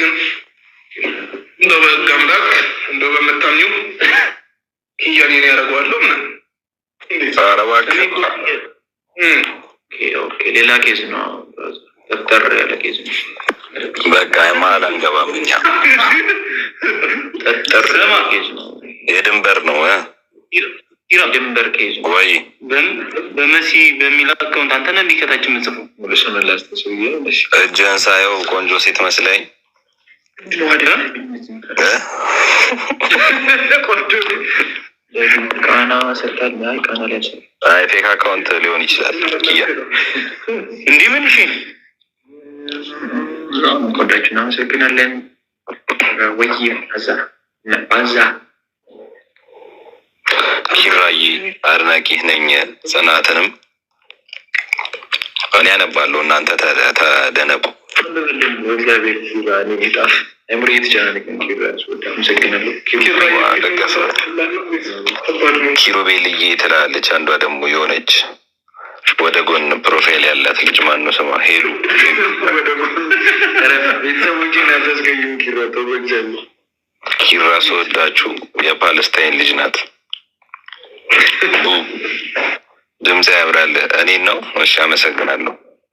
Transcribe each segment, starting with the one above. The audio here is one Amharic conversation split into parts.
ግን እንደው በህግ አምላክ እንደው በምታምኘው እያኔን ያደረገዋለሁ ምናምን ሌላ ኬዝ ነው። ያለ ኬዝ ነው። በቃ የመሀል አንገባም እኛ ጠጠር ኬዝ ነው። የድንበር ነው ድንበር ኬዝ ወይ በመሲ በሚል አካውንት ሳየው ቆንጆ ሴት መስለኝ ፌክ አካውንት ሊሆን ይችላል። እንዲህ ምን እሺ፣ ቆዳችን እናመሰግናለን። ወይ አዛ አዛ ኪራይ አድናቂ ነኝ። ጽናትንም እኔ ያነባለሁ እናንተ ተደነቁ። ኪሩቤልዬ ትላለች። አንዷ ደግሞ የሆነች ወደ ጎን ፕሮፋይል ያላት ልጅ ማን ነው ስማ? ሄሉ ኪራ ስወዳችሁ የፓለስታይን ልጅ ናት። ድምፅ ያብራል እኔን ነው? እሺ፣ አመሰግናለሁ።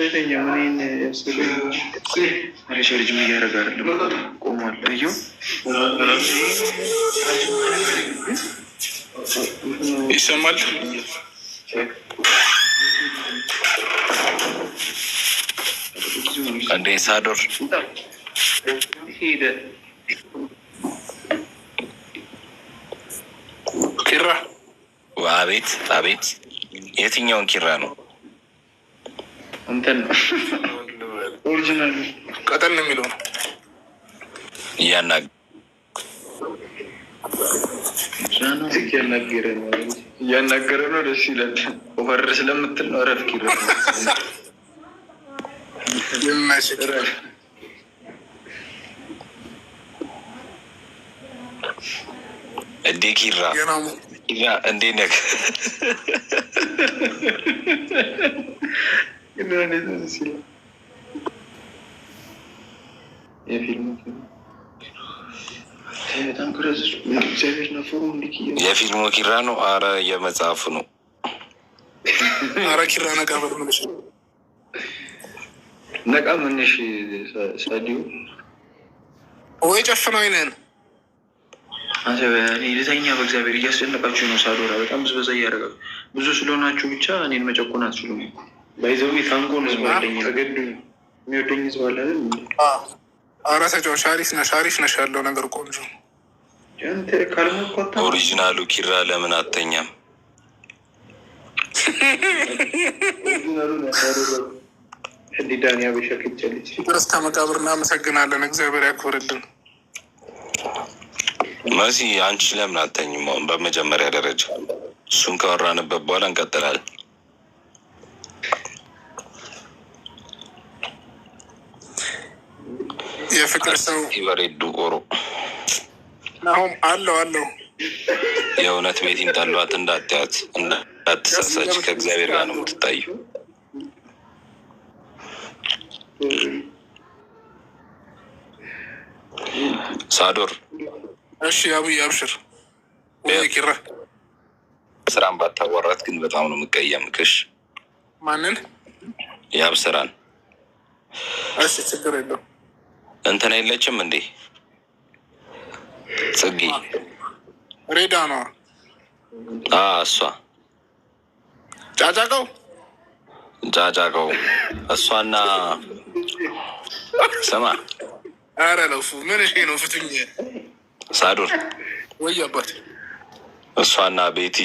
ልጅ ምን እያደረገ አይደለም፣ ቆሟል። ይሰማል። ሳዶር ሄደ ኪራ። አቤት አቤት፣ የትኛውን ኪራ ነው? እንትን ነው ኦሪጂናል ቀጠል የሚለው ነው እያናገ እያናገረ ነው። ደስ ይላል። ወፈር ስለምትል ነው። እረፍት እንዴ ኪራ እንዴ ነህ? የፊልሙ ኪራ ነው? አረ የመጽሐፉ ነው። አረ ኪራ ነቃ ነቃ ምንሽ ሳዲው ወይ ጨፍነው አይነን ልተኛ በእግዚአብሔር እያስጨነቃችሁ ነው። ሳዶራ በጣም ብዝበዛ እያደረጋችሁ ብዙ ስለሆናችሁ ብቻ እኔን መጨቆን አትችሉም። ባይዘው የሚወደኝ ሻሪፍ ነሽ ሻሪፍ ነሽ ያለው ነገር ቆንጆ። ኦሪጂናሉ ኪራ ለምን አተኛም? እስከ መቃብር እናመሰግናለን። እግዚአብሔር ያክብርልን። መሲ አንቺ ለምን አተኝም? በመጀመሪያ ደረጃ እሱን ካወራንበት በኋላ እንቀጥላለን። የፍቅር ሰው በሬዱ ቆሮ ናሆም አለው አለው የእውነት ቤት ይንጣሏት እንዳትያት እንዳትሳሳች ከእግዚአብሔር ጋር ነው የምትታዩ። ሳዶር እሺ፣ አብይ አብሽር ኪራ ስራን ባታዋራት ግን በጣም ነው የምቀየም። ክሽ ማንን? ያብስራን? እሺ ችግር የለውም እንትን የለችም እንዴ? ጽጌ ሬዳ ነው እሷ። ጫጫቀው ጫጫቀው እሷና ስማ፣ ኧረ ለፉ ምን ሽ ነው ፍትኝ ሳዱር ወይ አባት እሷና ቤቲ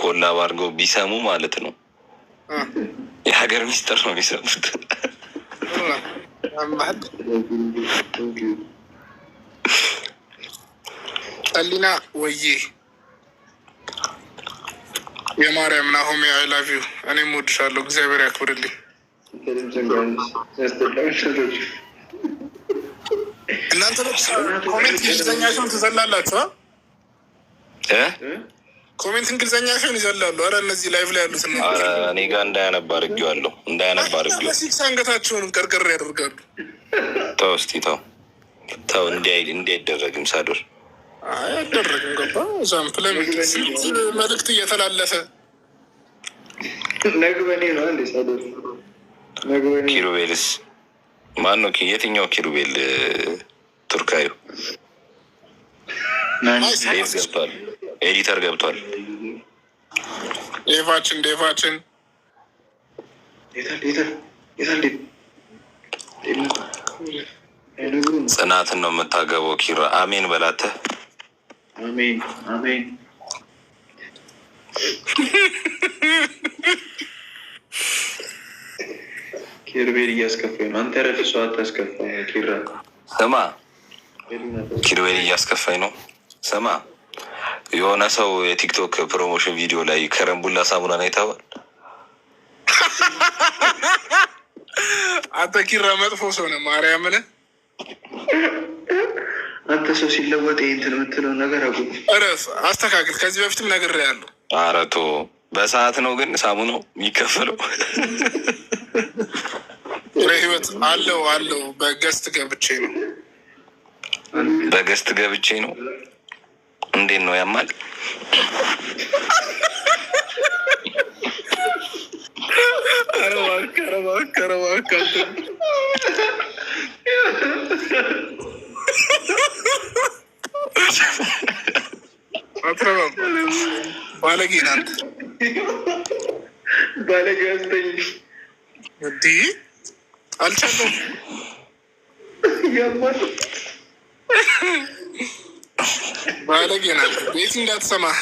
ኮላብ አድርገው ቢሰሙ ማለት ነው የሀገር ሚስጥር ነው የሚሰሙት። ጠሊና ወዬ የማርያም ናሆሜ አይ ላቭ ዩ። እኔም ወድሻለሁ። እግዚአብሔር ያክብርልኝ። እናንተ ኮሜንት ትዘኛችሁን ትዘላላችሁ ኮሜንት እንግሊዝኛ ሲሆን ይዘላሉ። አረ እነዚህ ላይቭ ላይ ያሉት እኔ ጋር እንዳያነባ አድርጌዋለሁ፣ እንዳያነባ ሲክስ አንገታቸውን ቀርቀር ያደርጋሉ። ተው እስኪ ተው ተው፣ እንዲህ አይደረግም። ሳዶር አይደረግም። ገባ እዛም ፕለምስት መልእክት እየተላለፈ ነግበኔ ነው አንዴ ሳዶር ኪሩቤልስ ማን ነው? የትኛው ኪሩቤል? ቱርካዩ ቤት ገብቷል ኤዲተር ገብቷል። ዴቫችን ዴቫችን ጽናትን ነው የምታገበው። ኪራ አሜን በላተ አሜን አሜን። ኪርቤል እያስከፋኝ ነው። አንተ ረፍ፣ እሷ አታስከፋኝ። ኪራ ስማ፣ ኪርቤል እያስከፋኝ ነው። ስማ የሆነ ሰው የቲክቶክ ፕሮሞሽን ቪዲዮ ላይ ከረምቡላ ሳሙናን አይተኸዋል? አንተ ኪራ መጥፎ ሰው ነህ። ማርያምን አንተ ሰው ሲለወጥ እንትን የምትለው ነገር አጉ ረስ አስተካክል። ከዚህ በፊትም ነገር ያሉ አረቶ በሰዓት ነው ግን ሳሙናው የሚከፈለው። ህይወት አለው አለው። በገስት ገብቼ ነው በገስት ገብቼ ነው እንዴት ነው ያማል? ባለጌ ናት። ባለጌ አልቻለሁም። ባለጌ ናት ቤት እንዳትሰማህ